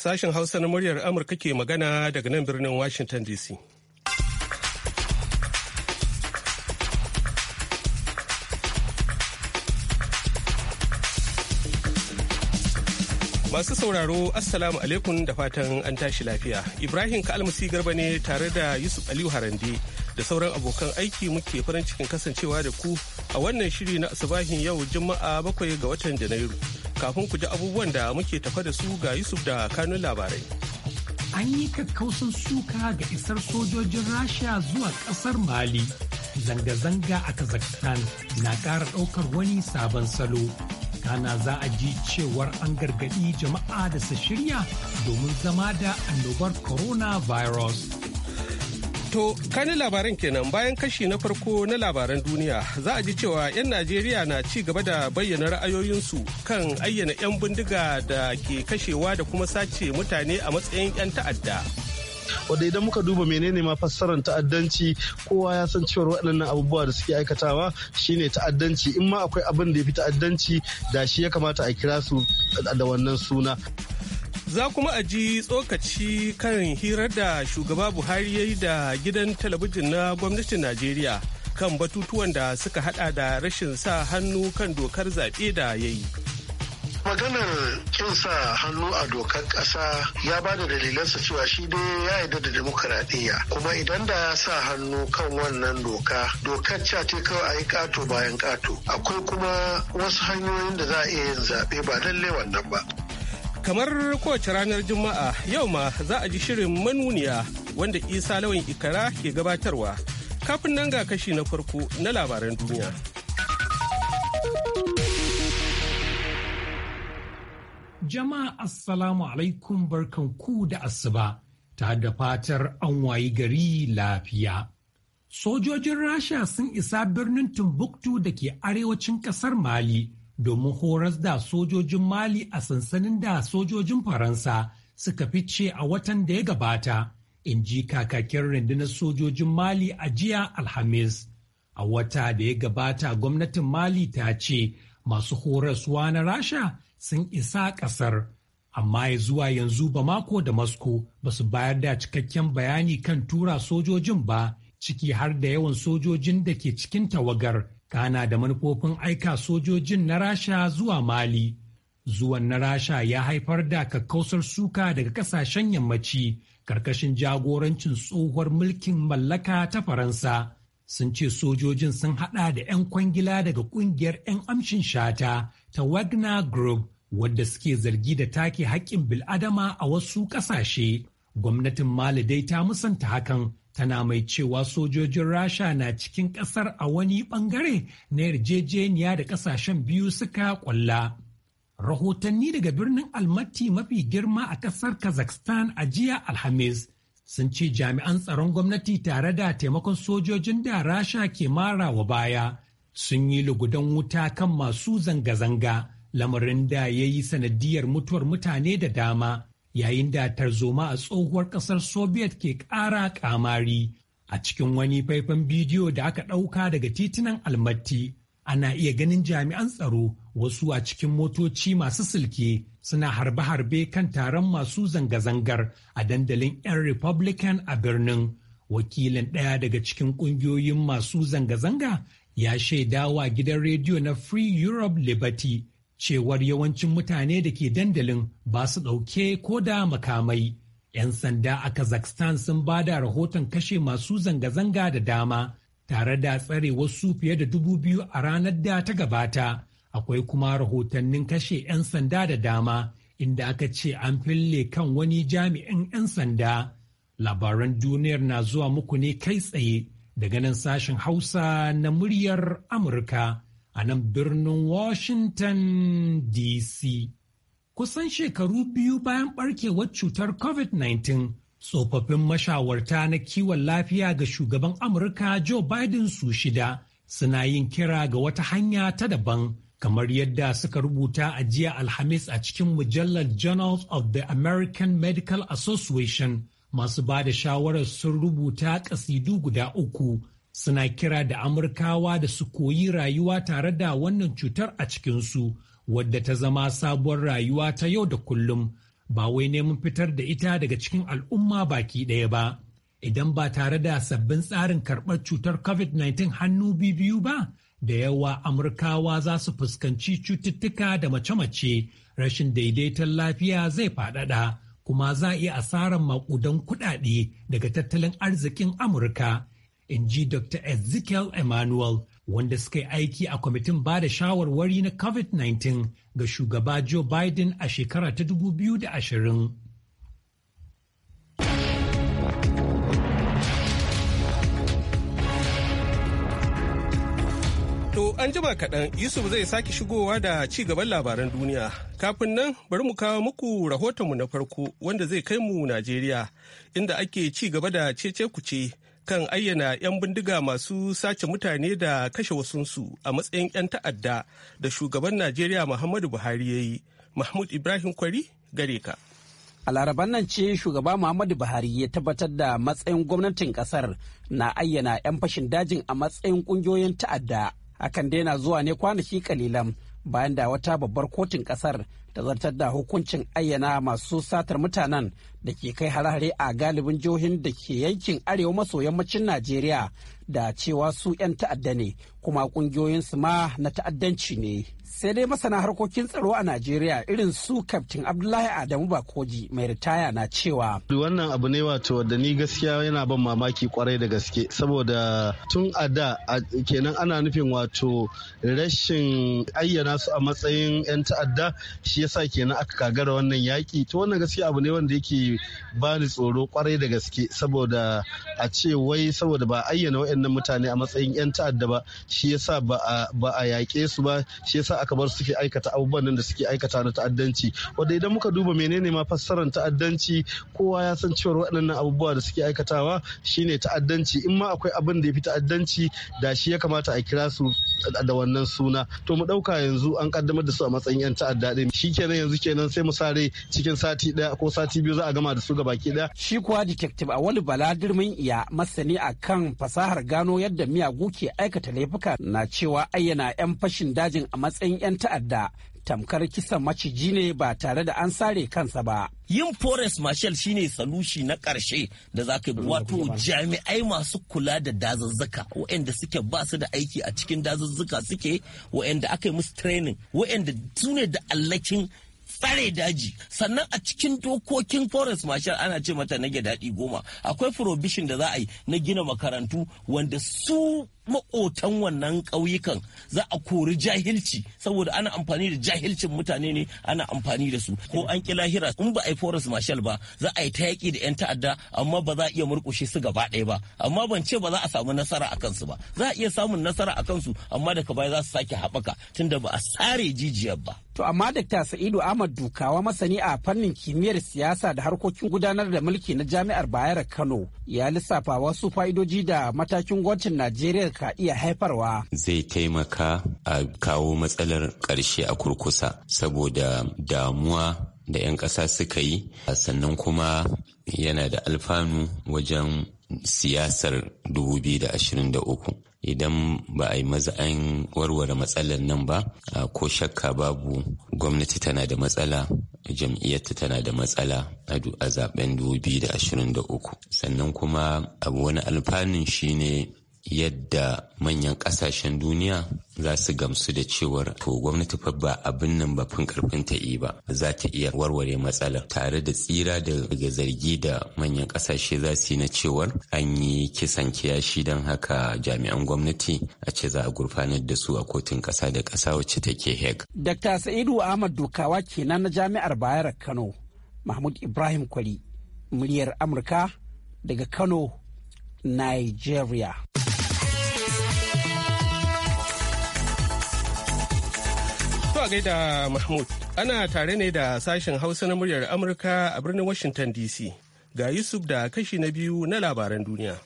Sashen Hausa na muryar Amurka ke magana daga nan birnin Washington DC. Masu sauraro, Assalamu alaikum da fatan an tashi lafiya. Ibrahim Kalmasi Garba ne tare da Yusuf Aliyu Harande da sauran abokan aiki muke farin cikin kasancewa da ku a wannan shiri na asubahin yau Juma'a bakwai ga watan Janairu. kafin ku ji abubuwan da muke tafa da su ga Yusuf da kanun labarai. An yi kakkausan suka ga isar sojojin Rasha zuwa ƙasar Mali. Zanga-zanga a Kazakhstan na ƙara ɗaukar wani sabon salo. Kana za a ji cewar an gargaɗi jama'a da su shirya domin zama da annobar coronavirus. To, kani labaran kenan bayan kashi na farko na labaran duniya za a ji cewa 'yan Najeriya na ci gaba da bayyana ra'ayoyinsu kan ayyana 'yan bindiga da ke kashewa da kuma sace mutane a matsayin 'yan ta'adda. Wadda idan muka duba menene ma fassarar ta'addanci kowa ya san cewar waɗannan abubuwa da suke aikatawa shine ta'addanci in ma akwai abin da ya fi ta'addanci da shi ya kamata a kira su da wannan suna. Za kuma a ji tsokaci kan hirar da shugaba Buhari ya yi da gidan talabijin na gwamnatin Najeriya kan batutuwan da suka hada da rashin sa hannu kan dokar zaɓe da ya yi. maganar kin sa hannu a dokar ƙasa ya ba da dalilansa cewa shi dai ya yarda da demokaradiyya kuma idan da ya sa hannu kan wannan doka dokar ce kawai a yi ƙato bayan kato akwai kuma wasu hanyoyin da za a iya yin zaɓe ba lallai wannan ba. Kamar kowace ranar Juma'a yau ma za a ji shirin manuniya wanda Isa Lawan Ikara ke gabatarwa. Kafin nan ga kashi na farko na labaran duniya. Jama'a Assalamu alaikum barkan ku da asuba ta da fatar an wayi gari lafiya. Sojojin Rasha sun isa birnin Timbuktu da ke arewacin ƙasar Mali. domin horas da sojojin Mali a sansanin da sojojin Faransa suka fice a watan da ya gabata, in ji kakakin rundunar sojojin Mali a jiya Alhamis. A wata da ya gabata gwamnatin Mali ta ce masu horaswa na Rasha sun isa ƙasar, amma ya zuwa yanzu ba mako da Masko ba su bayar da cikakken bayani kan tura sojojin ba, ciki har da yawan sojojin da ke cikin tawagar kana da manufofin aika sojojin na rasha zuwa mali zuwan na rasha ya haifar da kakkausar suka daga kasashen yammaci karkashin jagorancin tsohuwar mulkin mallaka ta faransa sun ce sojojin sun hada da 'yan kwangila daga kungiyar 'yan amshin shata ta wagner group wadda suke zargi da take haƙƙin bil'adama a wasu ƙasashe gwamnatin mali dai ta musanta hakan tana mai cewa sojojin rasha na cikin kasar a wani bangare na yarjejeniya da kasashen biyu suka kwalla rahotanni daga birnin almati mafi girma a kasar kazakhstan a jiya alhamis sun ce jami'an tsaron gwamnati tare da taimakon sojojin da rasha ke mara wa baya sun yi lugudan wuta kan masu zanga-zanga lamarin da ya yi sanadiyar mutuwar mutane da dama yayin da tarzoma a tsohuwar ƙasar Soviet ke ƙara ƙamari. A cikin wani faifan bidiyo da aka ɗauka daga titunan almatti, ana iya ganin jami'an tsaro wasu a cikin motoci masu silke suna harbe-harbe kan taron masu zanga-zangar a dandalin 'yan Republican a birnin. Wakilin ɗaya daga cikin ƙungiyoyin masu zanga-zanga ya shaidawa gidan rediyo na Free Europe Liberty cewar yawancin mutane da ke dandalin ba su ɗauke ko da makamai. 'Yan sanda a Kazakhstan sun ba da rahoton kashe masu zanga-zanga da dama tare da tsare wasu fiye da dubu biyu a ranar da ta gabata. Akwai kuma rahotannin kashe 'yan sanda da dama inda aka ce an fille kan wani jami'in 'yan sanda. Labaran duniyar na zuwa muku ne kai tsaye daga nan sashen Hausa na muryar Amurka. a nan birnin Washington DC. Kusan shekaru biyu bayan ɓarkewar cutar COVID-19, tsofaffin mashawarta na kiwon lafiya ga shugaban Amurka Joe Biden su shida suna yin kira ga wata hanya ta daban. kamar yadda suka rubuta a jiya alhamis a cikin mujallar journal of the american medical association masu ba da shawarar sun rubuta ƙasidu guda uku Suna kira da Amurkawa da su koyi rayuwa tare da wannan cutar a cikinsu, wadda ta zama sabuwar rayuwa ta yau da kullum, ba wai neman fitar da ita daga cikin al'umma baki ɗaya ba. Idan ba tare da sabbin tsarin karɓar cutar COVID-19 hannu biyu ba, da yawa Amurkawa za su fuskanci cututtuka da mace-mace rashin daidaiton lafiya zai faɗaɗa kuma za a iya asarar maƙudan kuɗaɗe daga tattalin arzikin Amurka in ji Dr. Ezekiel Emmanuel wanda suka yi aiki a kwamitin ba da shawarwari na COVID-19 ga shugaba Joe Biden a shekara ta 2020. To an jima kaɗan Yusuf zai sake shigowa da ci gaban labaran duniya. Kafin nan bari mu kawo muku rahotonmu na farko wanda zai kai mu Najeriya inda ake ci gaba da cece kuce kan ayyana 'yan bindiga masu sace mutane da kashe wasunsu a matsayin 'yan ta'adda da shugaban Najeriya Muhammadu Buhari ya yi. Mahmud Ibrahim Kwari gare ka. A laraban nan ce shugaba Muhammadu Buhari ya tabbatar da matsayin gwamnatin kasar na ayyana 'yan fashin dajin a matsayin kungiyoyin ta'adda. akan daina zuwa ne kwanaki kalilan bayan da wata babbar kotun kasar da zartar da hukuncin ayyana masu satar mutanen da ke kai hare-hare a galibin jihohin da ke yankin arewa maso yammacin najeriya da cewa su 'yan ta'adda ne kuma kungiyoyinsu ma na ta'addanci ne sai dai masana harkokin tsaro a najeriya irin su kaftin abdullahi adamu bakoji mai ritaya na cewa wannan abu ne wato da ni gaskiya yana ban mamaki kwarai da gaske saboda tun a da kenan ana nufin wato rashin ayyana su a matsayin 'yan ta'adda shi yasa kenan aka kagara wannan yaki to wannan gaskiya abu ne wanda yake bani tsoro kwarai da gaske saboda a ce wai saboda ba ayyana waɗannan mutane a matsayin 'yan ta'adda ba shi yasa ba a yaƙe su ba shi yasa aka bar suke aikata abubuwan nan da suke aikata na ta'addanci wanda idan muka duba menene ma fassarar ta'addanci kowa ya san cewar waɗannan abubuwa da suke aikatawa shine ta'addanci in ma akwai abin da ya fi ta'addanci da shi ya kamata a kira su da wannan suna to mu ɗauka yanzu an kaddamar da su a matsayin 'yan ta'adda ɗin shi kenan yanzu kenan sai mu sare cikin sati ɗaya ko sati biyu za a gama da su gabaki ɗaya. shi kuwa detective a wani baladirmin dirmin iya masani akan fasahar gano yadda miyagu ke aikata laifuka na cewa ayyana 'yan fashin dajin a matsayin 'yan ta'adda tamkar kisan maciji ne ba tare da an sare kansa ba. Yin forest marshal shine salushi na ƙarshe da za ka wato jami'ai masu kula da dazuzzuka waɗanda suke ba su da aiki a cikin dazuzzuka suke waɗanda aka yi musu training waɗanda su ne da allakin tsare daji sannan a cikin dokokin forest marshal ana ce mata na daɗi goma akwai prohibition da za a yi na gina makarantu wanda su maƙotan wannan ƙauyukan za a kori jahilci saboda ana amfani da jahilcin mutane ne ana amfani da su ko an ƙi lahira in ba a yi forest marshal ba za a yi ta yaƙi da 'yan ta'adda amma ba za a iya murƙushe su gaba ɗaya ba amma ban ce ba za a samu nasara a kansu ba za a iya samun nasara a kansu amma daga baya za su sake haɓaka tunda ba a sare jijiyar ba. To amma Dr. Sa'idu Ahmad Dukawa masani a fannin kimiyyar siyasa da harkokin gudanar da mulki na Jami'ar Bayero Kano ya lissafa wasu fa'idoji da matakin gwamnatin Najeriya ka iya haifarwa. Zai taimaka a kawo matsalar ƙarshe a kurkusa saboda damuwa da 'yan ƙasa suka yi sannan kuma yana da alfanu wajen siyasar 2023 idan ba a yi maza an warware matsalar nan ba ko shakka babu gwamnati tana da matsala jam'iyyarta tana da matsala a zaben 2023 sannan kuma abu wani alfanun shine yadda manyan kasashen duniya za su gamsu da cewar to gwamnati fa ba abin nan ba fin karfin ta yi ba za ta iya warware matsalar tare da tsira daga zargi da manyan kasashe za su yi na cewar an yi kisan kiyashi don haka jami'an gwamnati a ce za a gurfanar da su a kotun kasa da kasa wacce take heg. Dr. Sa'idu Ahmad dokawa kenan na jami'ar Bayar Kano. Mahmud Ibrahim Kwari, muryar Amurka daga Kano, Nigeria. To a gaida Mahmud, ana tare ne da sashen Hausa na muryar Amurka a birnin Washington DC. Ga Yusuf da kashi na biyu na labaran duniya.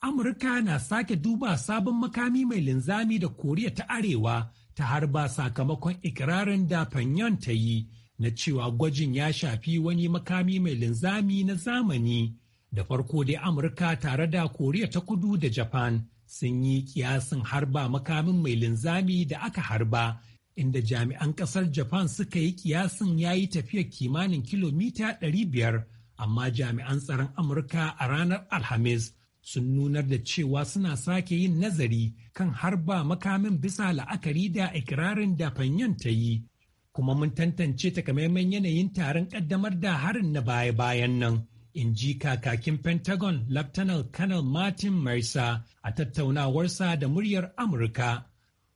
Amurka na sake duba sabon makami mai linzami da Koriya ta Arewa ta harba sakamakon ikirarin da panyon ta yi na cewa gwajin ya shafi wani makami mai linzami na zamani. Da farko dai Amurka tare da Koriya ta Kudu da Japan sun yi kiyasin harba makamin mai linzami da aka harba inda jami'an kasar japan suka yi kiyasin ya yi tafiyar kimanin kilomita 500 amma jami'an tsaron amurka a ranar alhamis sun nunar da cewa suna sake yin nazari kan harba makamin bisa la'akari da ikirarin da fanyan ta yi kuma mun tantance takamaiman yanayin taron kaddamar da harin na baya-bayan nan. in ji kakakin Pentagon Laftanar Kanal Martin Maisa a tattaunawarsa da muryar Amurka.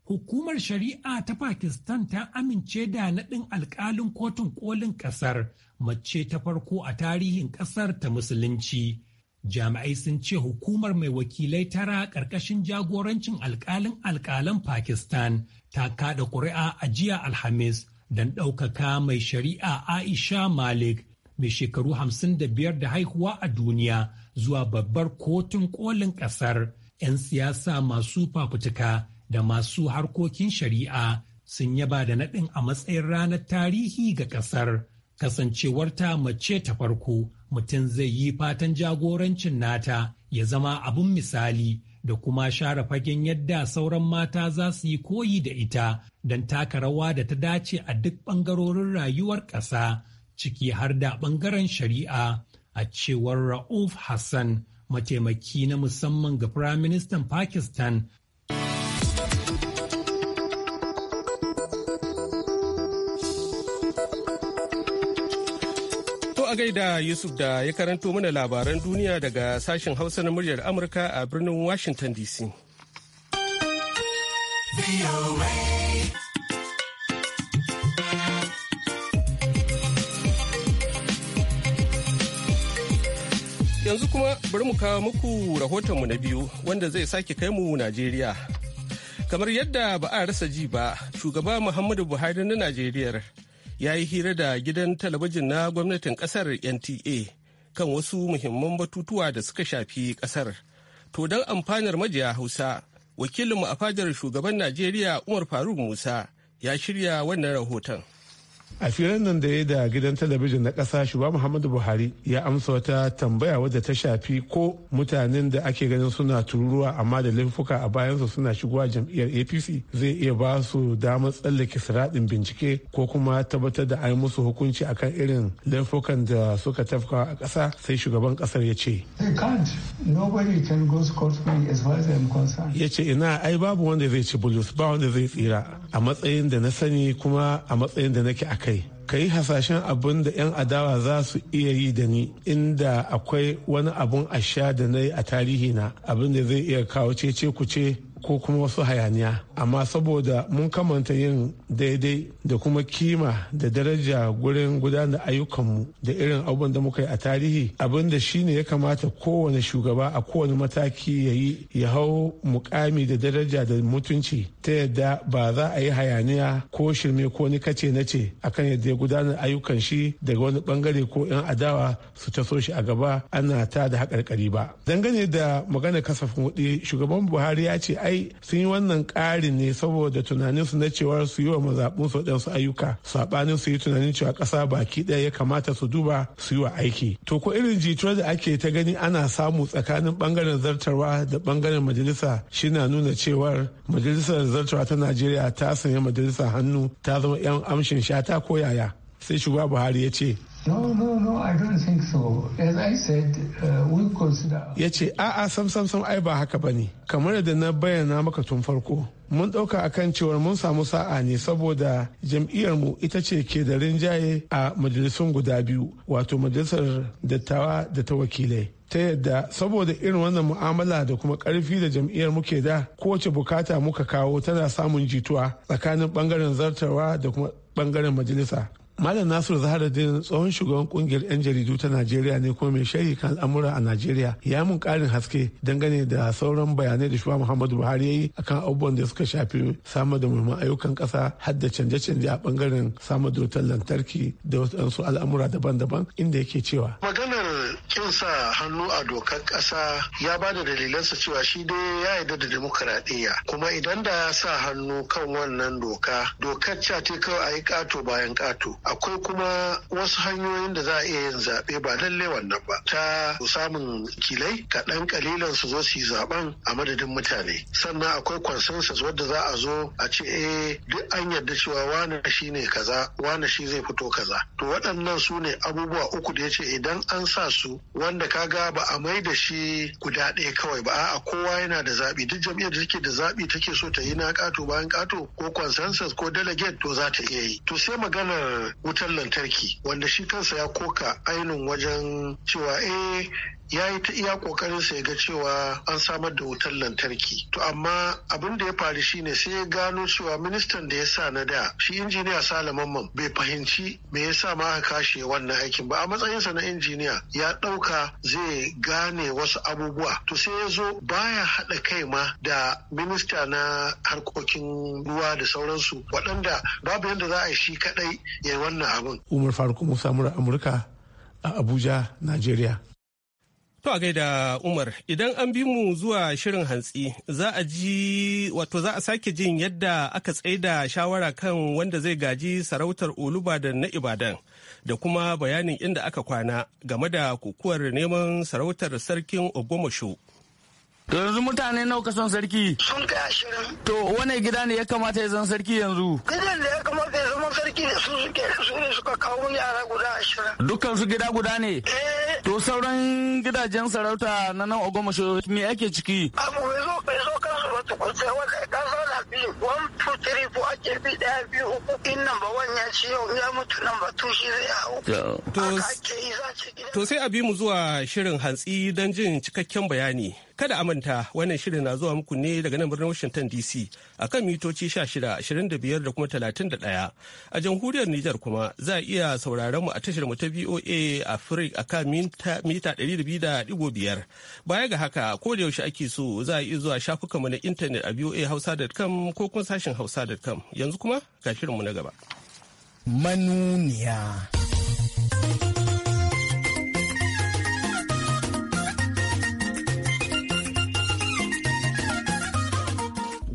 Hukumar Shari'a ta Pakistan ta amince da naɗin alƙalin kotun kolin ƙasar mace ta farko a tarihin ƙasar ta Musulunci. Jami'ai sun ce hukumar mai wakilai tara ƙarƙashin jagorancin alƙalin alƙalan Pakistan ta kaɗa ƙuri'a a jiya Alhamis don ɗaukaka mai shari'a Aisha Malik mai shekaru 55 da haihuwa a duniya zuwa babbar kotun kolin kasar 'yan siyasa masu fafutuka da masu harkokin shari'a sun yaba da naɗin a matsayin ranar tarihi ga kasar kasancewarta mace ta farko mutum zai yi fatan jagorancin nata ya zama abin misali da kuma share fagen yadda sauran mata za su yi koyi da ita don taka rawa da ta dace a duk ɓangarorin rayuwar ƙasa ciki har da ɓangaren shari'a a cewar Ra'uf Hassan mataimaki na musamman ga Firaministan Pakistan To a gaida Yusuf da ya karanto mana labaran duniya daga sashen Hausa na muryar Amurka a birnin Washington DC. yanzu kuma bari mu kawo muku rahotonmu na biyu wanda zai sake kai mu Najeriya. Kamar yadda ba a rasa ji ba, shugaba Muhammadu Buhari na Najeriya ya yi hira da gidan talabijin na gwamnatin kasar NTA kan wasu muhimman batutuwa da suka shafi kasar. To don amfanar majiya Hausa, wakilinmu a fadar shugaban Najeriya Umar Faruk Musa ya shirya wannan rahoton. a filin nan da ya da gidan talabijin na ƙasa shugaba muhammadu buhari ya amsa wata tambaya wadda ta shafi ko mutanen da ake ganin suna tururuwa amma da laifuka a bayansu suna shigowa jam'iyyar apc zai iya ba su damar tsallake siraɗin bincike ko kuma tabbatar da ai musu hukunci akan irin laifukan da suka tafka a kasa sai shugaban ƙasar ya ce ya ce ina ai babu wanda zai ci bulus ba wanda zai tsira a matsayin da na sani kuma a matsayin da nake a kai kai ka yi hasashen abin da 'yan adawa za su iya yi da ni inda akwai wani abun asha da na yi a tarihi na abin da zai iya kawo cece ce. ko kuma wasu hayaniya amma saboda mun kamanta yin daidai da kuma kima da daraja gurin gudanar da ayyukanmu da irin abubuwan da muka yi a tarihi abin da shine ya kamata kowane shugaba a kowane mataki ya yi ya hau mukami da daraja da mutunci ta yadda ba za a yi hayaniya ko shirme ko ni kace na ce akan yadda ya gudanar ayyukan shi daga wani bangare ko yan adawa su taso shi a gaba ana ta da haƙarƙari ba dangane da magana kasafin kuɗi shugaban buhari ya ce ai sun yi wannan ƙarin ne saboda tunanin su na cewa su yi wa mazaɓun su waɗansu ayyuka saɓanin su yi tunanin cewa ƙasa baki ɗaya ya kamata su duba su yi wa aiki to ko irin jituwar da ake ta gani ana samu tsakanin ɓangaren zartarwa da ɓangaren majalisa shi na nuna cewar majalisar zartarwa ta najeriya ta sanya majalisa hannu ta zama 'yan amshin shata ko yaya sai shugaba buhari ya ce No, Ya ce, a'a sam sam sam ai ba haka ba ne Kamar da na bayyana maka tun farko. Mun ɗauka kan cewar mun samu sa'a ne saboda jam'iyyar mu ita ce ke da rinjaye a majalisun guda biyu, wato majalisar dattawa da ta wakilai. ta yadda saboda irin wannan mu'amala da kuma karfi da jam'iyyar muke da kowace bukata muka kawo tana samun jituwa tsakanin ɓangaren zartarwa da kuma ɓangaren majalisa Malam Nasiru Zaharuddin tsohon shugaban kungiyar 'yan jaridu ta Najeriya ne kuma mai sharhi kan al'amura a Najeriya ya mun karin haske dangane da sauran bayanai da shugaba Muhammadu Buhari ya yi akan abubuwan da suka shafi samar da muhimman ayyukan kasa har da canje-canje a bangaren samar da wutar lantarki da wasu al'amura daban-daban inda yake cewa. kin sa hannu a dokar ƙasa ya ba da dalilansa cewa shi dai ya yi da dimokuraɗiyya kuma idan da ya sa hannu kan wannan doka dokar ce ta kawai a yi ƙato bayan ƙato akwai kuma wasu hanyoyin da za a iya yin zaɓe ba lalle wannan ba ta samun kilai kaɗan kalilan su zo su yi zaɓen a madadin mutane sannan akwai consensus wadda za a zo a ce eh duk an yarda cewa wane shi ne kaza wane shi zai fito kaza to waɗannan su ne abubuwa uku da ya ce idan an sa su wanda ka ga ba a mai da shi guda ɗaya kawai ba a'a kowa yana da zaɓi duk jam'iyyar da take da zaɓi take so ta yi na ƙato bayan ƙato ko consensus ko delegate to za ta iya yi to sai maganar wutar lantarki wanda shi kansa ya koka ainihin wajen cewa eh ya yi ta iya kokarin sa ya ga cewa an samar da wutar lantarki to amma abin da ya faru shine sai ya gano cewa ministan da ya sa na da shi injiniya Mamman bai fahimci me yasa ma aka kashe wannan aikin ba a matsayinsa na injiniya ya ɗauka zai gane wasu abubuwa to sai ya zo baya haɗa kai ma da minista na harkokin ruwa da sauransu waɗanda babu yadda za a yi shi kaɗai ya yi wannan abin. Umar Faruk Musa Amurka a Abuja, Najeriya. To a gaida Umar, idan an bi mu zuwa shirin hantsi za a ji wato za a sake jin yadda aka tsaida shawara kan wanda zai gaji sarautar da na Ibadan da kuma bayanin inda aka kwana game da kukuwar neman sarautar sarkin Ogomosho. To yanzu mutane nawa ka son sarki? Sun kai ashirin. To wane gida ne ya kamata ya zan sarki yanzu? Gidan da ya kamata ya zama sarki da su suke su ne suka kawo yara guda ashirin. Dukkan su gida guda ne? Eh. To sauran gidajen sarauta na nan Ogomasho me ake ciki? Abu bai zo bai zo kansu ba kwance wanda ya kasa na biyu. One two three four ake bi daya biyu uku. In nan ba ya ci yau ya mutu nan ba tu shi zai hau. To sai a bi mu zuwa shirin hantsi don jin cikakken bayani. Kada a manta wannan shirin na zuwa muku ne daga nan birnin Washington DC a kan mitoci 16, 25 da kuma 31. A jamhuriyar Nijar kuma za a iya sauraron mu a tashar mu ta VOA Africa a kan mita 200.5. Baya ga haka ko da yaushe ake so za a iya zuwa shafukanmu na intanet a VOA hausa.com ko kuma sashin hausa.com. Yanzu kuma ga mu na gaba. Manuniya.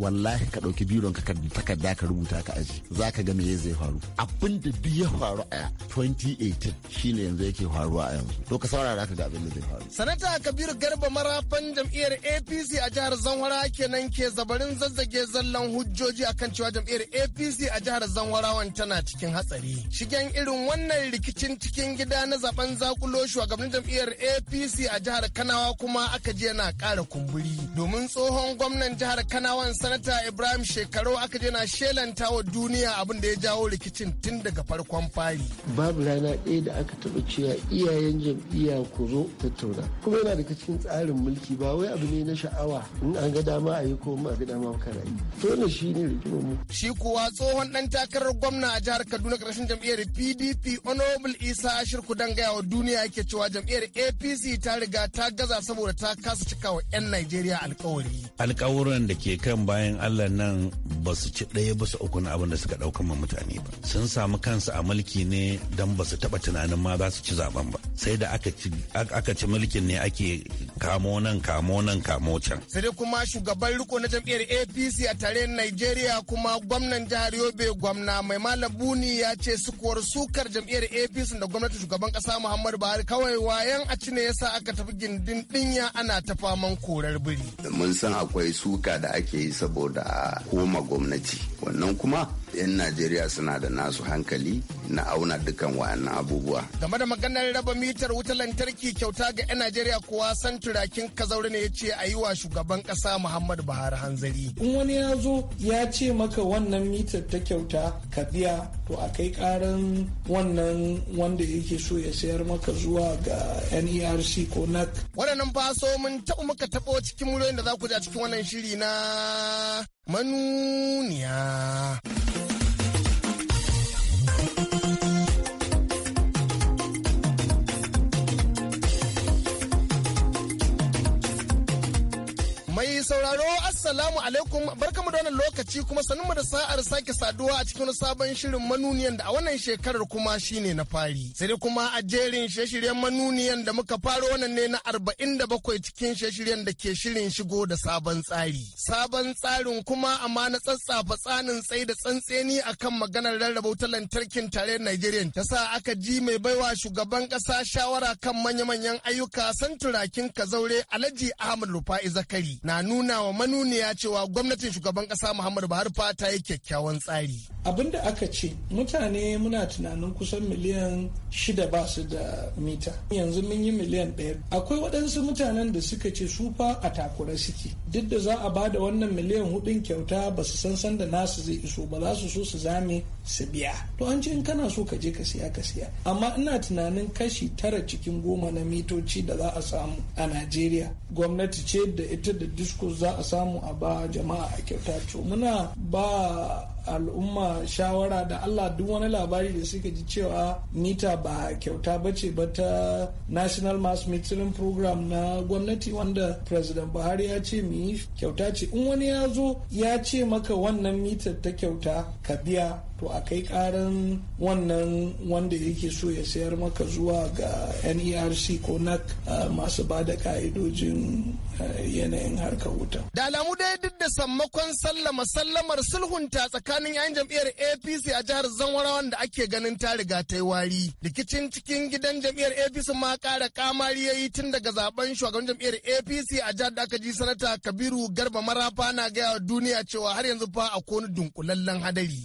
wallahi ka ɗauki biron ka takarda ka rubuta ka aji za ka ga me zai faru abin da biyu ya faru a 2018 shine yanzu yake faruwa a yanzu to ka saurara ka ga abin da zai faru sanata kabiru garba marafan jam'iyyar apc a jihar Zanwara kenan ke zabarin zazzage zallan hujjoji akan cewa jam'iyyar apc a jihar zamfarawan tana cikin hatsari shigen irin wannan rikicin cikin gida na zaben zakulo shugaban jam'iyyar apc a jihar kanawa kuma aka je na kara kumburi domin tsohon gwamnan jihar Kanawa sanar sanata ibrahim shekaru aka je na shelanta wa duniya abin da ya jawo rikicin tun daga farkon fari babu rana ɗaya da aka taɓa cewa iyayen jam'iyya ku zo tattauna kuma yana daga cikin tsarin mulki ba wai abu ne na sha'awa in an ga dama a yi ko ma ga dama ka rayu to ne shi ne rikimar mu shi kuwa tsohon ɗan takarar gwamna a jihar kaduna ƙarshen jam'iyyar pdp honorable isa ashirku dan gaya wa duniya yake cewa jam'iyyar apc ta riga ta gaza saboda ta kasa cikawa 'yan najeriya alkawari alkawuran da ke kan ba bayan allah nan ba su ci ɗaya ba su uku na abin da suka ɗaukan ma mutane ba sun samu kansu a mulki ne don ba su taɓa tunanin ma za su ci zaben ba sai da aka ci mulkin ne ake kamo nan kamo nan kamo can sai dai kuma shugaban riko na jam'iyyar apc a tare nigeria kuma gwamnan jihar yobe gwamna mai malam buni ya ce sukuwar sukar jam'iyyar apc da gwamnati shugaban ƙasa muhammadu buhari kawai wayan a ci ne yasa aka tafi gindin dinya ana ta faman korar biri mun san akwai suka da ake yi saboda koma gwamnati wannan kuma 'yan najeriya suna da nasu hankali na auna dukan wa'annan abubuwa game da maganar raba mitar wutar lantarki kyauta ga 'yan najeriya kuwa san turakin kazaure ne ya ce a yi wa shugaban kasa muhammadu buhari hanzari in wani ya zo ya ce maka wannan mitar ta kyauta ka biya to a kai karan wannan wanda yake so ya sayar maka zuwa ga nerc ko nac waɗannan faso mun taɓa muka taɓo cikin muryoyin da za ku ji a cikin wannan shiri na manuniya. sauraro Assalamu alaikum barkamu da wannan lokaci kuma sanunmu da sa'ar sake saduwa a cikin sabon shirin manuniyan da a wannan shekarar kuma shine na fari. Sai dai kuma a jerin shirye-shiryen manuniyan da muka faro wannan ne na arba'in da bakwai cikin shirye-shiryen da ke shirin shigo da sabon tsari. Sabon tsarin kuma amma na tsatsafa tsanin tsai da tsantseni akan maganar rarraba wutar lantarkin tare Najeriya ta sa aka ji mai baiwa shugaban kasa shawara kan manya-manyan ayyuka santurakin kazaure Alhaji Ahmad Rufai Zakari na nuna wa manuniyan ya cewa gwamnatin shugaban kasa Muhammadu Buhari fa ta yi kyakkyawan tsari. Abin da aka ce mutane muna tunanin kusan miliyan shida ba su da mita. Yanzu mun yi miliyan ɗaya. Akwai waɗansu mutanen da suka ce su fa a takura suke. Duk da za a ba da wannan miliyan hudun kyauta ba su san san da nasu zai iso ba za su so su zame su biya. To an ce in kana so ka je ka siya ka siya. Amma ina tunanin kashi tara cikin goma na mitoci da za a samu a Najeriya. Gwamnati ce da ita da disko za a samu a ba jama'a a kyauta to muna ba al'umma shawara da Allah duk wani labari da suka ji cewa mita ba kyauta ba ce ba ta National Mass Metering Program na gwamnati wanda President Buhari ya ce mu kyauta ce in wani ya zo ya ce maka wannan mitar ta kyauta ka biya to a kai karin wannan wanda yake so ya sayar maka zuwa ga nerc ko nac eh, masu ba da ka'idojin eh, yanayin harkar wuta da alamu dai duk da sammakon sallama sallamar sulhunta tsakanin yan jam'iyyar apc a jihar zamwara wanda ake ganin ta riga ta yi wari rikicin cikin gidan jam'iyyar apc ma kara kamari ya yi tun daga zaben shugaban jam'iyyar apc a jihar da aka ji sanata kabiru garba marafa na gaya duniya cewa har yanzu fa a kone dunkulallen hadari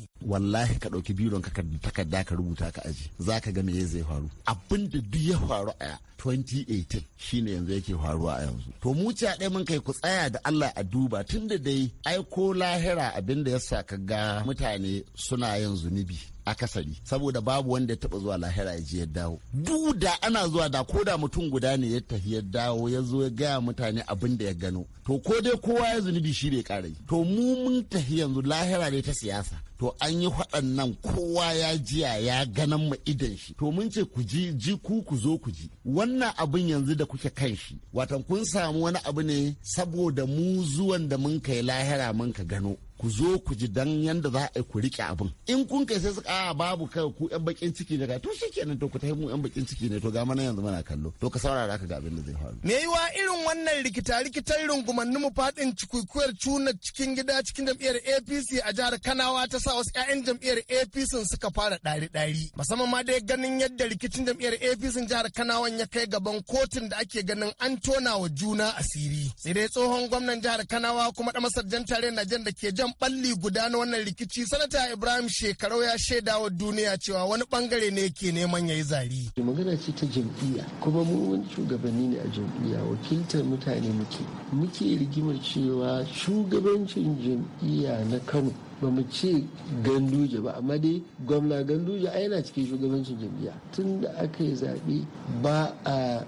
wallahi ka ɗauki biron ka takarda ka rubuta ka aji za ka ga me zai faru abin da duk ya faru a 2018 shine yanzu yake faruwa a yanzu to mu ci ɗaya mun kai ku tsaya da Allah a duba tun da dai aiko lahira abin da ya ka ga mutane suna yin zunubi akasari saboda babu wanda ya taba zuwa lahira ya je ya dawo duk da ana zuwa da ko da mutum guda ne ya tafi ya dawo ya zo ya gaya mutane abin da ya gano to ko dai kowa ya zunubi shi ne kara to mu mun tafi yanzu lahira ne ta siyasa to an yi waɗannan kowa ya jiya ya ganan mu idan shi to mun ce ku ji ku ku zo ku ji wannan abin yanzu da kuke kan shi watan kun samu wani abu ne saboda mu zuwan da mun kai lahira mun ka gano ku zo ku ji dan yanda za a ku rike abin in kun kai sai suka a babu kai ku yan bakin ciki ne ga to shikenan to ku ta mu yan bakin ciki ne to ga mana yanzu muna kallo to ka saurara ka ga abin da zai faru me yiwa irin wannan rikita rikitar rungumanni mu fadin cikukuyar cuna cikin gida cikin jam'iyyar APC a jihar Kanawa ta sa wasu ƴaƴan jam'iyyar APC suka fara dari dari musamman ma dai ganin yadda rikicin jam'iyyar APC jihar Kanawa ya kai gaban kotun da ake ganin an tona wa juna asiri sai dai tsohon gwamnan jihar Kanawa kuma da masarjan tare Najen da ke jan wannan balli guda na wannan rikici sanata ibrahim shekarau ya shaida wa duniya cewa wani bangare ne ke neman ya yi zari magana ce ta jam'iyya kuma mu wani shugabanni ne a jam'iyya wakiltar mutane muke muke rigimar cewa shugabancin jam'iyya na kano ba mu ce ganduje ba amma dai gwamna ganduje a yana cikin shugabancin jam'iyya tun da aka yi zaɓe ba a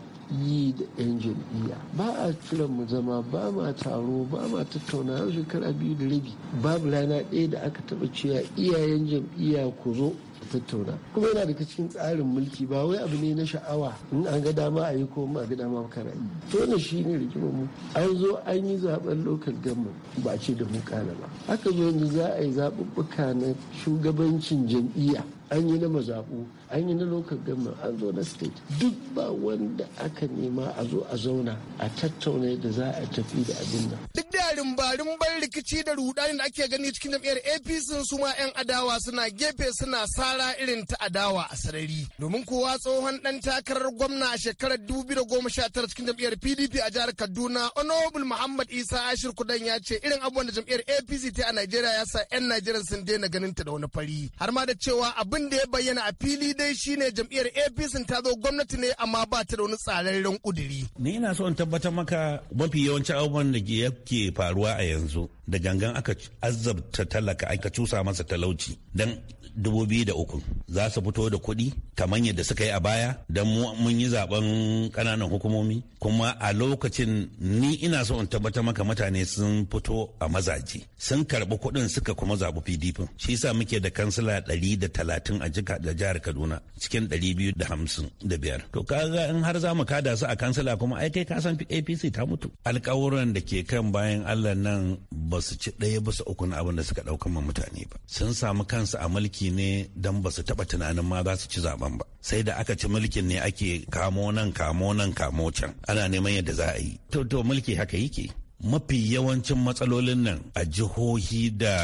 yi da 'yan jam'iyya ba a cire mu zama ba ma taro ba ma tattauna har shekara biyu da rabi babu rana ɗaya da aka taɓa cewa iyayen jam'iyya ku zo tattauna kuma yana daga cikin tsarin mulki ba wai abu ne na sha'awa in an ga dama a yi ko ma ga dama kana yi to ne shi ne rigimar mu an zo an yi zaben local government ba ce da mu kana ba aka zo yanzu za a yi zaɓuɓɓuka na shugabancin jam'iyya an yi na mazaɓu an yi na local government an zo na state duk ba wanda aka nema a zo a zauna a tattauna da za a tafi da abin nan duk da rimbarin ban rikici da rudani da ake gani cikin jam'iyyar apc su ma 'yan adawa suna gefe suna sara irin ta adawa a sarari domin kowa tsohon dan takarar gwamna a shekarar tara cikin jam'iyyar pdp a jihar kaduna honorable muhammad isa ashir kudan ya ce irin abubuwan da jam'iyyar apc ta a najeriya ya sa 'yan najeriya sun daina ganin ta da wani fari har ma da cewa abin abin da ya bayyana a fili dai shine jam'iyyar apc ta zo gwamnati ne amma ba ta da wani tsararren kuduri ni ina so in tabbatar maka mafi yawancin abubuwan da ke faruwa a yanzu da gangan aka azabta talaka aka cusa masa talauci dan uku za su fito da kuɗi kamar yadda suka yi a baya don mun yi zaben ƙananan hukumomi kuma a lokacin ni ina so in tabbatar maka mutane sun fito a mazaje sun karɓi kuɗin suka kuma zaɓi pdp shi yasa muke da kansila ɗari da talatin a jihar kaduna cikin ɗari biyu da hamsin da biyar to kaga in har za mu kada su a kansila kuma ai kai ka san apc ta mutu alƙawuran da ke kan bayan allah nan ba su ci ɗaya ba su uku na abin da suka ɗaukan ma mutane ba sun samu kansu a mulki ne don ba su taɓa tunanin ma za su ci zaben ba sai da aka ci mulkin ne ake kamo nan kamo nan kamo can ana neman yadda za a yi to to mulki haka yake mafi yawancin matsalolin nan a jihohi da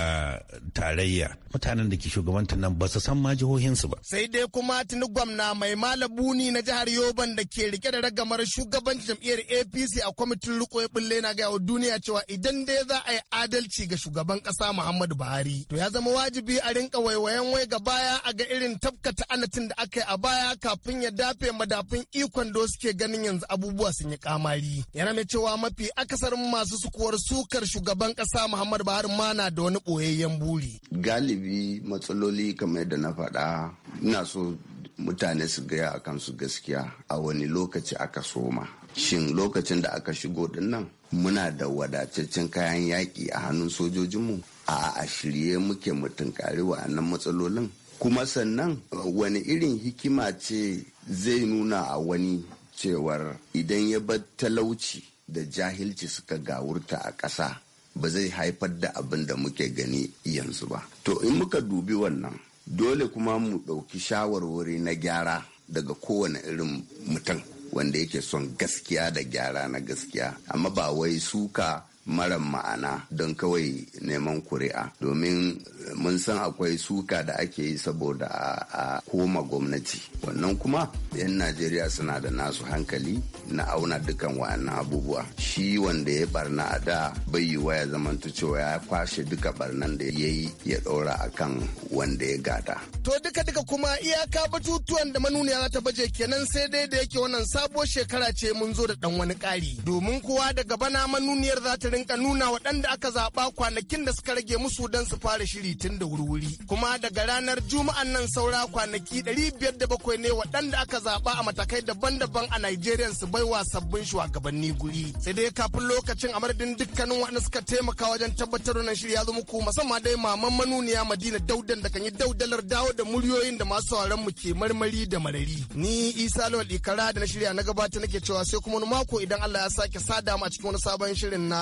tarayya mutanen da ke shugabanta nan ba su san ma jihohinsu ba. Sai dai kuma tuni gwamna mai malabuni na jihar Yoban da ke rike da ragamar shugabancin jam'iyyar APC a kwamitin riko ya bulle na gaya wa duniya cewa idan dai za a yi adalci ga shugaban kasa Muhammadu Buhari. To ya zama wajibi a rinka waiwayen wai ga baya a ga irin tafkata anatin da aka yi a baya kafin ya dafe madafin ikon da suke ganin yanzu abubuwa sun yi kamari. Yana mai cewa mafi akasarin masu masu sukuwar sukar shugaban ƙasa Muhammadu Buhari ma na da wani ɓoyayyen buri. Galibi matsaloli kamar da na faɗa ina so mutane su gaya a kansu gaskiya a wani lokaci aka soma. Shin lokacin da aka shigo nan muna da wadataccen kayan yaƙi a hannun sojojinmu? A a shirye muke mutunkari wa'annan matsalolin. Kuma sannan wani irin hikima ce zai nuna a wani cewar idan ya bar talauci da jahilci suka gawurta a ƙasa ba zai haifar da abin da muke gani yanzu ba. To in muka dubi wannan dole kuma mu ɗauki shawarwari na gyara daga kowane irin mutum wanda yake son gaskiya da gyara na gaskiya amma ba wai suka mara ma'ana don kawai neman kuri'a domin mun san akwai suka da ake yi saboda a koma gwamnati wannan kuma 'yan najeriya suna da nasu hankali na auna dukan wa'annan abubuwa shi wanda ya barna a da bai yiwa ya zamanto cewa ya kwashe duka barnan da ya yi ya ɗora a kan wanda ya gada to duka duka kuma iyaka batutuwan da manuniya za ta baje kenan sai dai da yake wannan sabuwar shekara ce mun zo da ɗan wani ƙari domin kowa daga bana manuniyar za ta dinka nuna waɗanda aka zaɓa kwanakin da suka rage musu don su fara shiri tun da wuri kuma daga ranar juma'an nan saura kwanaki da 507 ne waɗanda aka zaɓa a matakai daban-daban a Najeriya su baiwa sabbin shugabanni guri sai dai kafin lokacin a madadin dukkanin waɗanda suka taimaka wajen tabbatar wannan shiri ya zo muku musamman dai maman manuniya Madina Daudan da kan yi daudalar dawo da muryoyin da masu sauran mu ke marmari da marari ni Isa Lawal Ikara da na shirya na gabata nake cewa sai kuma wani mako idan Allah ya sake sada mu a cikin wani sabon shirin na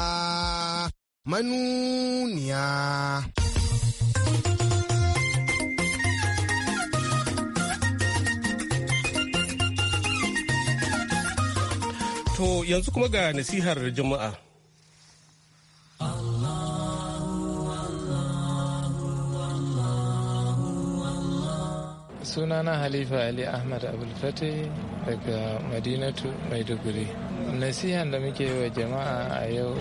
manuniya. To yanzu kuma ga nasihar Juma'a. Sunana Halifa Ali Ahmad Abulfate daga Madinatu Maiduguri. nasihan da muke wa jama'a a yau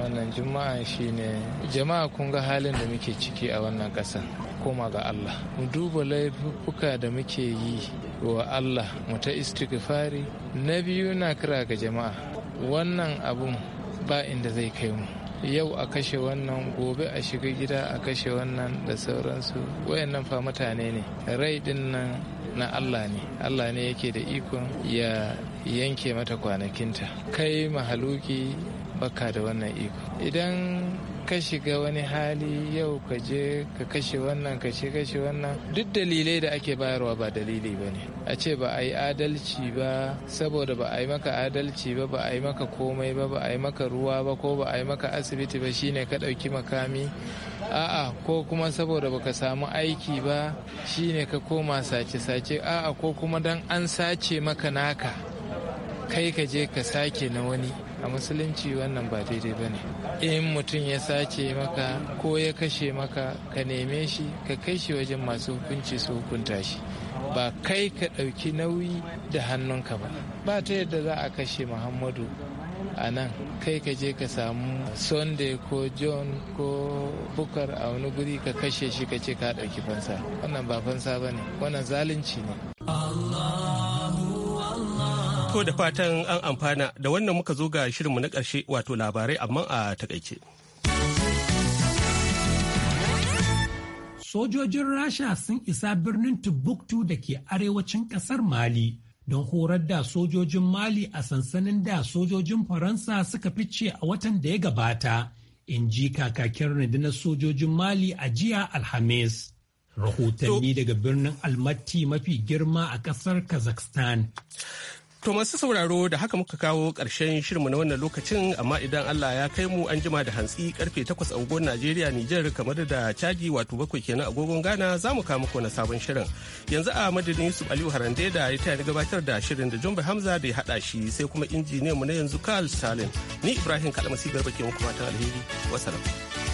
wannan juma'a shine jama'a kun ga halin da muke ciki a wannan ƙasa koma ga Allah mu duba laifuka da muke yi wa Allah mu ta istighfari na biyu na kira ga jama'a wannan abun ba inda zai kai mu yau a kashe wannan gobe a shiga gida a kashe wannan da sauransu wayannan fa mutane ne rai din nan na Allah ne Allah ne yake da ikon ya yanke mata kwanakinta kai mahaluki baka da wannan iko idan ka shiga wani hali yau ka je ka kashe wannan ka ce kashe wannan duk dalilai da ake bayarwa ba dalili ba ne a ce ba a yi adalci ba saboda ba a yi maka adalci ba ba a yi maka komai ba ba a yi maka ruwa ba ko ba a yi maka asibiti ba shine ka ɗauki makami a'a ko kuma saboda baka samu aiki ba shine ka koma sace-sace a'a ko kuma dan an sace maka naka kai ka je ka sake na wani a musulunci wannan ba daidai ba ne in mutum ya sace maka ko ya kashe maka ka neme shi ka kai shi wajen masu hukunci su hukunta shi ba kai ka ɗauki nauyi da hannunka ba ba ta yadda za a kashe muhammadu a nan kai ka je ka samu sunday ko john ko bukar a wani guri ka kashe shi ka ce ka ɗauki fansa wannan ba fansa ba ne wannan zalunci ne To da fatan an amfana da wannan muka zo ga shirinmu na ƙarshe wato labarai amma a takaice. Sojojin Rasha sun isa birnin tubuktu da ke arewacin ƙasar Mali don horar da sojojin Mali a sansanin da sojojin Faransa suka fice a watan da ya gabata, in ji kakakin rundunar sojojin Mali a jiya Alhamis. rahotanni daga birnin almati mafi girma a ƙasar kazakhstan To masu sauraro da haka muka kawo ƙarshen shirinmu na wannan lokacin amma idan Allah ya kai mu an jima da hantsi karfe 8 agogon Najeriya Nijar kamar da caji wato bakwai kenan agogon Ghana za mu kawo muku na sabon shirin. Yanzu a madadin Yusuf Aliyu Harande da ya tayar gabatar da shirin da Jumbe Hamza da ya haɗa shi sai kuma injiniyan mu na yanzu Karl Stalin. Ni Ibrahim Kalamasi Garba ke muku fatan alheri. Wasalam.